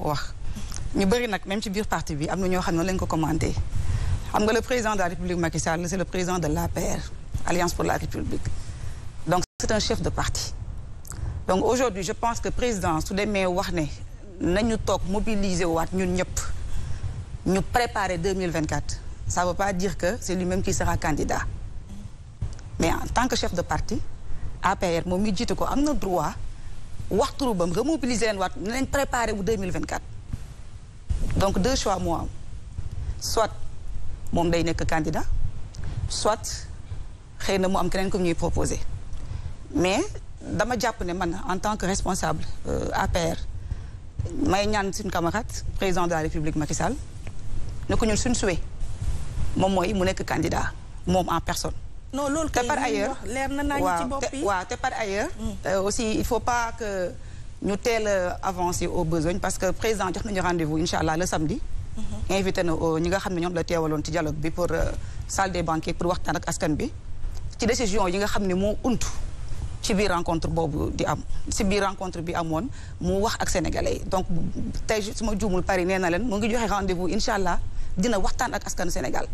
wax ñu bëri nag même ci biir parti bi am na ñoo xam ne lañ ko commenté xam nga le président de la république Macky Sall c'est le président de l'APR Alliance pour la République donc c'est un chef de parti donc aujourd'hui je pense que président su demee wax ne ñu toog mobiliser waat ñun ñëpp ñu préparer 2024 ça veut pas dire que c'est lui-même qui sera candidat mais en tant que chef de parti APR moom mi jiite ko am na droit wax troubam nga mobiliser leen waat ne leen préparé wu 2024 donc deux choix moo soit moom day nekk candidat soit xëy na mu am keneen comme ñuy proposé mais dama jàpp ne man en tant que responsable euh, APR may ñaan suñ camarade président de la république Macky Sall ne ko suñu souhait moom mooy mu nekk candidat moom en personne non loolu kay te par ailleurs leer na naa ngi ci te par ailleurs. aussi il faut pas que ñu teel a avancer aux besoins parce que président jox nañu rendez-vous incha allah le samedi. Mm-hmm. invité na euh, ñi nga xam ne ñoom la teewaloon ci dialogue bi pour euh, salle des banquets pour waxtaan ak askan bi ci décision yi nga xam ne moo untu ci biir rencontre boobu di am si biir rencontre bi amoon mu wax ak sénégalais donc tey su ma juumul Paris nee na leen mu ngi joxe rendez-vous incha allah dina waxtaan ak askan Sénégal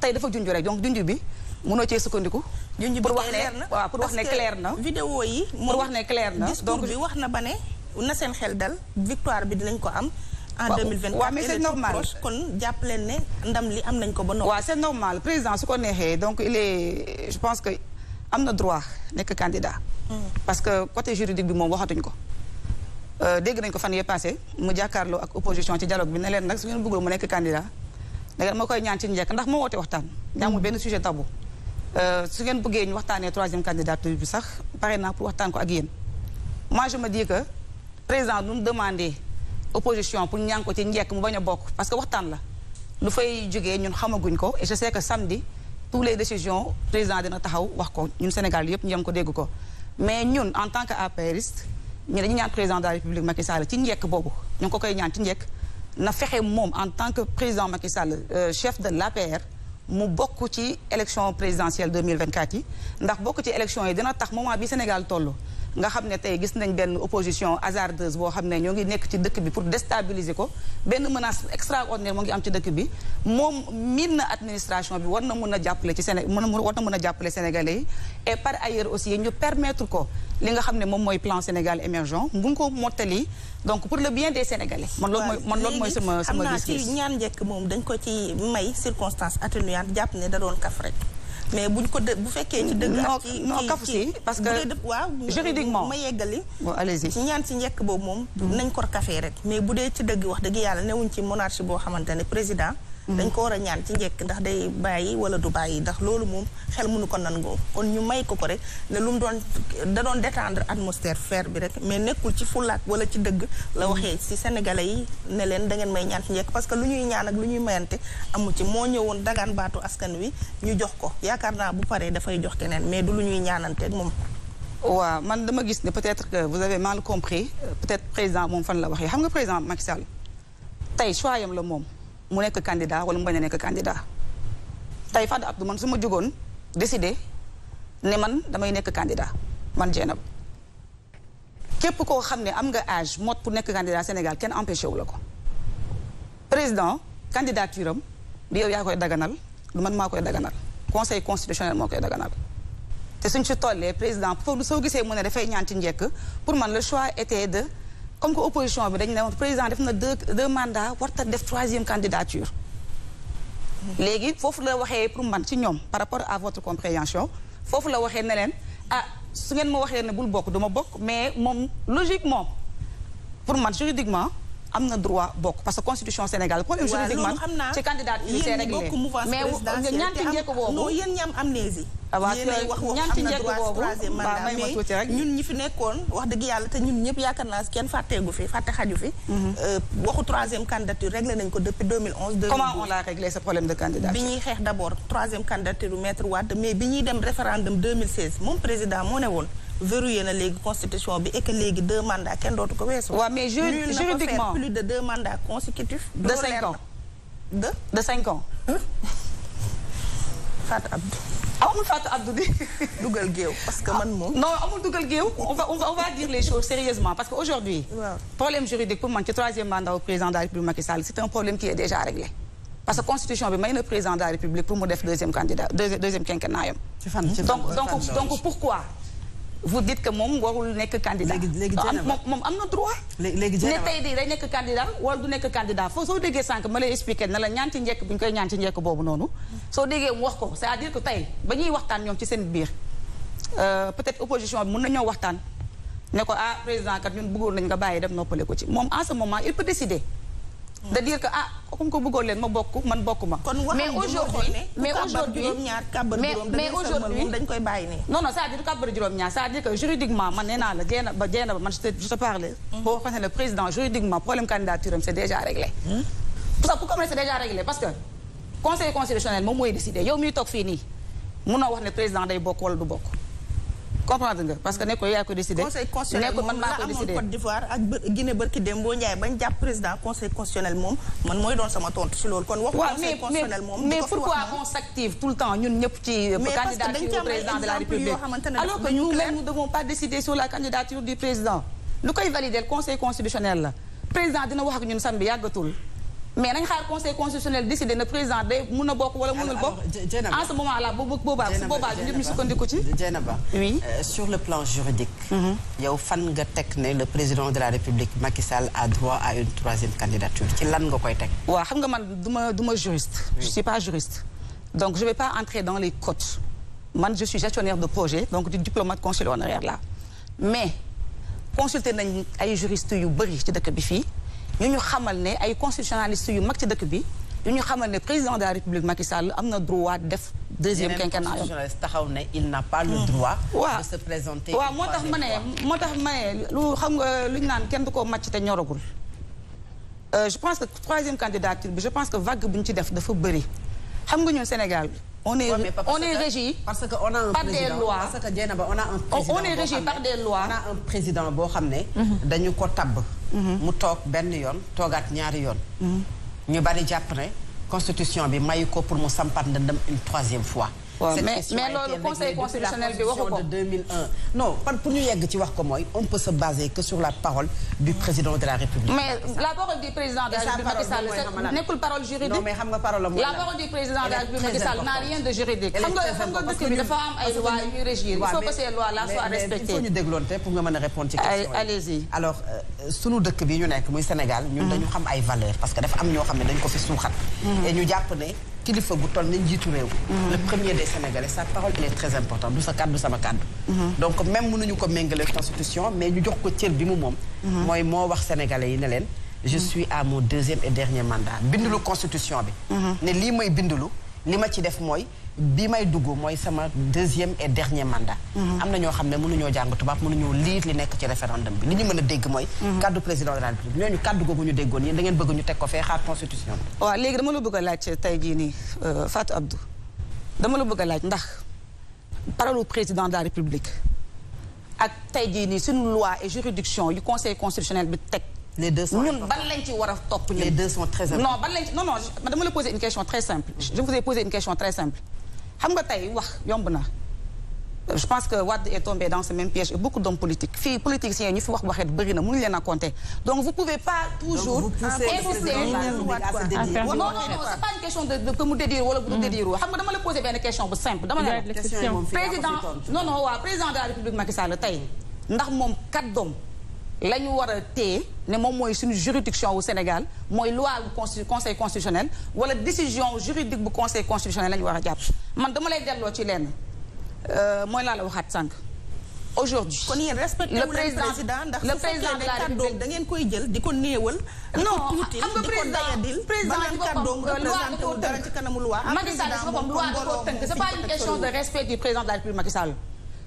tey dafa junj rek donc junj bi. mënoo cee sukkandiku. ñu pour wax ne waaw pour wax ne na. vidéo yi pour wax ne clair na. discours bi wax na ba ne na seen xel dal victoire bi dinañ ko am. en 2024 waaw mais c'est normal kon jàpp leen ne ndam li am nañ ko ba noppi. waaw c'est normal président su ko neexee donc il e je pense que am na droit nekk candidat. Hmm. parce que côté juridique bi moom waxatuñ ko. Euh, dégg nañ ko fan yee passé mu jàkkaarloo ak opposition ci dialogue bi ne leen nag su ngeen bëggul mu nekk candidat da ngeen ma koy ñaan ci njëkk ndax moo woote waxtaan. daa amul hmm. benn sujet tabou. Euh, su ngeen bëggee ñu waxtaanee troisième candidature bi sax pare naa pour waxtaan ko ak yéen moi je me dis que président nu mu demandé opposition pour ñaan ko ci njekk mu bañ a bokk parce que waxtaan la lu fay jógee ñun xamaguñ ko et je sais que samedi toutes les décisions président dina taxaw wax ko ñun Sénégal yëpp ñu ko dégg ko mais ñun en tant que apériste ñu dañu ñaan président de la république Macky ci njekk boobu ñu ngi ko koy ñaan ci njekk na fexe moom en tant que président Macky Sall euh, chef de l'APR mu bokk ci élection présidentielle 2024 yi ndax bokk ci élection yi dina tax moment bi Sénégal toll nga xam ne tey gis nañ benn opposition hasardeuse boo xam ne ñoo ngi nekk ci dëkk bi pour déstabiliser ko benn menace extraordinaire moo ngi am ci dëkk bi moom miin na administration bi war na mun a jàppale ci Séné war na mun a jàppale sénégalais yi et par ailleurs aussi ñu permettre ko li nga xam ne moom mooy plan Sénégal émergent buñ ko mottali donc pour le bien des Sénégalais. man loolu mooy man loolu mooy sama sama gis ñaan njekk moom dañ ko ci may circonstance atténuante jàpp ne da doon kaf rek. mais buñ ko bu fekkee ci dëgg ak ci si parce que waaw juridiquement ma yeggali allez-y ci ñaan si njëkk boobu moom mm-hmm. nañ ko kafee rek mais bu dee ci dëgg wax dëgg yàlla newuñ ci monarchie boo xamante ne président dañ ko war a ñaan ci njekk ndax day bàyyi wala du bàyyi ndax loolu moom xel mënu ko nangoo kon ñu may ko ko rek ne lu mu doon da doon détendre atmosphère faire bi rek mais nekkul ci fulaak wala ci dëgg la waxee si sénégalais yi ne leen da ngeen may ñaan ci njekk parce que lu ñuy ñaan ak lu ñuy mayante amu ci moo ñëwoon dagaan baatu askan wi ñu jox ko yaakaar naa bu paree dafay jox keneen mais du lu ñuy ñaanante ak moom waa man dama gis ne peut-être que vous avez mal compris peut-être président moom fan la waxee xam nga président Macky tey choix yam la moom mu nekk candidat wala mu bañ a nekk candidat tey Fada Abdou man su ma jugoon décidé ne man damay nekk candidat man Dieynaba képp koo xam ne am nga âge mot pour nekk candidat Sénégal kenn empêché wu la ko président candidature am du yow yaa koy daganal lu man maa koy daganal conseil constitutionnel moo koy daganal te suñ ci tollee président pour soo gisee mu ne dafay ñaanti njekk pour man la choix était de comme que opposition bi dañ ne woon président def na deux deux mandats warta def troisième candidature léegi foofu la waxee pour man ci ñoom par rapport à votre compréhension foofu la waxee ne leen ah su ngeen ma waxee ne bul bokk du bokk mais moom logiquement pour man juridiquement am na droit bokk parce que constitution Sénégal problème juridiquement ci candidat yi c'est ñi fi nekkoon wax dëgg yàlla te ñun ñëpp yaakaar naa kenn fàtteegu fi fàtte xaju fi mhm. euh, waxu troisième candidature réglé nañ ko depuis dem référendum 2016 moom président moo ne woon verrouillé na léegi constitution bi et que léegi deux mandats kenn dootu ko weesu. waaw mais juridiquement plus de deux mandats consécutifs. de cinq ans de de cinq ans. Fatou Abdou. ah amul Fatou Abdou di. dugal géew parce que ah, man moom. non amul dugal géew on va on va dire les choses sérieusement parce aujourd'hui waaw. juridique pour man ci troisième mandat au président de la République Macky Sall c'est un problème qui est déjà réglé. parce constitution bi may na président de la République vous dites que moom warul nekk candidat. Ah, moom am na droit. léegi ne tey di day nekk candidat wala du nekk candidat foo soo déggee sànq ma lay expliqué na la ñaan ci njëkk bu ñu koy ñaan ci njëkk boobu noonu. soo déggee mu wax ko c'est-à-dire que tey ba ñuy waxtaan ñoom ci seen biir euh, peut-être opposition bi mën ñëw waxtaan ne ko ah président kat ñun bëggoon nañ nga bàyyi dem noppale ko ci moom en ce moment il peut décider. da dire que ah comme ko bëggoon leen ma bokk man bokk ma. mais aujourd'hui mais aujourd'hui mais mais aujourd'hui dañ koy bàyyi nii. non non c'est-à-dire kàbbar juróom-ñaar c'est-à-dire que juridiquement man nee naa la jéem ba jéem ba man mhm. problème candidature am hmm? c'est déjà réglé. parce que conseil constitutionnel moom mooy décidé yow miy toog fii nii mun na wax ne président day bokk wala du bokk. comprendre nga parce que nekkul yaa ko décidé. conseil constitutionnel moom la amoon Côte d'Ivoire ak Guinée Barki Dembo Ndiaye bañ jàpp président conseil constitutionnel moom man mooy doon sama tontu si loolu kon. wax conseil constitutionnel moom mais pourquoi on s'active tout le temps ñun ñëpp ci. Euh, candidature du président de la république alors que nous même nous devons pas décider sur la candidature du président. lu koy valider conseil constitutionnel la président dina wax ak ñun samedi yàggatul. mais nañ xaar conseil constitutionnel décidé na président day mun a bokk wala munul bokk. Euh, en ce moment là bu boobaa su boobaa ñëpp ñu euh, juridique. Mhm. yow fan nga teg ne le président de la république Macky Sall a droit à une troisième candidature ci lan nga koy teg. waaw xam nga man du ma ma juriste. je suis pas juriste. donc je vais pas entrer dans les codes. man je suis gestionnaire de projet donc du diplomate consul honoraire là mais consulter nañ ay juristes yu bëri ci dëkk bi fii. ñu ñu xamal ne ay constitutionnaliste yu mag ci dëkk bi yu ñu xamal ne président de la république Macky Sall am na droit def deuxième quinquennat taxaw ne il n'a pas le hmm. droit de se présenter waaw moo tax ma ne moo tax ma ne lu xam nga lu ñu naan kenn du ko màcc te ñoragul euh, je pense que troisième candidature bi je pense que vague bu ñu ci def dafa bëri xam nga ñun Sénégal on est ouais, on est régi. parce que on a un par président des lois. parce que Dieynaba on a un oh, président on est régi par des lois. on a un président boo xam ne. Mhm. dañu ko tabb. Mhm. mu toog benn yoon toogaat ñaari yoon. Mhm. ñu bari jàpp ne constitution bi mayu ko pour mu sampat ndëndam une troisième fois. waaw mais mais loolu conseil constitutionnel bi waxu ko de 2001 yegg ci wax ko mooy on peut se baser que sur la parole du président de la république. mais la parole du président de la république Macky Sall nekkul parole juridique. mais xam nga parole am la parole du n'a rien de juridique. xam nga xam nga dëkk bi dafa am ay loi yu régir. il faut que ces lois là soient respectées. il pour nga mën a répondre ci question yi. allez-y alors euh, sunu dëkk bi ñu nekk muy Sénégal. ñun mm-hmm. dañu xam ay valeurs parce que dafa ñoo xam ne dañu ko fi mm-hmm. ñu jàpp ne. kilifa gu toll ni njiitu réew. Mm-hmm. le premier des sénégalais sa parole elle est très importante du sa kàddu sama kàddu. Mm-hmm. donc même mënuñu ko méngale constitution mais ñu jox ko cër bi mu moom. Mm-hmm. mooy moo wax sénégalais yi ne leen. je suis à mon deuxième et dernier mandat bindulu constitution bi. ne lii mooy bindulu li ma ci def mooy. bi may dugg mooy sama deuxième et dernier mandat. Mhm. am na ñoo xam ne mënuñoo jàng tubaab mënuñoo liir li nekk ci référendum bi li ñu mën a dégg mooy. Mhm. kaddu président de la république ñooñu kaddu googu ñu déggoon da ngeen la bëgg a laaj tey jii nii euh, Fatou la bëgg ndax parole président de la république ak tey jii nii suñu loi et juridiction yu conseil constitutionnel bi teg. les deux sont ñun ban lañ ci war topp ñun. les deux ci non non dama la poser une question très simple. je vous ai xam nga tey wax yomb na je pense que Wade est tombé dans ce même piège et beaucoup d'hommes politiques fii politiciens ñu fi wax waxeet bëri na mënuñu leen a compter donc vous pouvez pas toujours insister non non non c'est pas une question de dédire wala bu mm. dédire xam nga dama la poser benn question bu simple dama la président non non waaw président de la République Macky Sall tey ndax moom kat doom la ñu war a téye ne moom mooy suñu juridiction wu Sénégal mooy loi wu conseil constitutionnel wala décision juridique bu conseil constitutionnel la ñu war a jàpp man dama lay delloo ci lenn euh, mooy laa la waxaat sànq aujourd'hui kon yéen respecté le président ndax le président de la république da ngeen koy jël di ko néewal. non xam nga président président bi boppam euh, loi da koo tënk Macky Sall loi da koo tënk c'est pas une question de respect du président de la république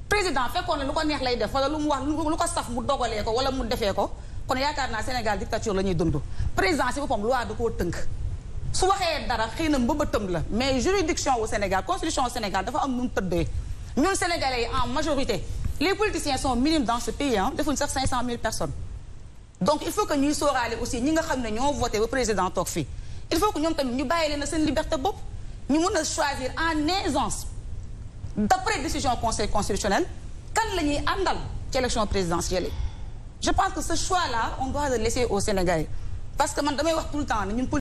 président fekkoon na lu ko neex lay def wala lu mu wax lu ko saf mu dogalee ko wala mu defee ko kon yaakaar naa Sénégal dictature la ñuy dund président si boppam loi da koo tënk su waxee dara xëy na mbëbëtam la mais juridiction wu Sénégal constitution wu Sénégal dafa am nu mu tëddee ñun sénégalais yi en majorité les politiciens son minimes dans ce pays ah defuñu sax 500 000 personnes donc il faut que ñuy sóoraale aussi ñi nga xam ne ñoo voté ba président toog fii il faut que ñoom tamit bàyyi leen seen liberté bopp ñu a choisir en aisance d'après décision conseil constitutionnel kan la ñuy àndal ci élection présidentielle je pense que ce choix là on doit le laisser au Sénégalais parce que man damay wax tout le temps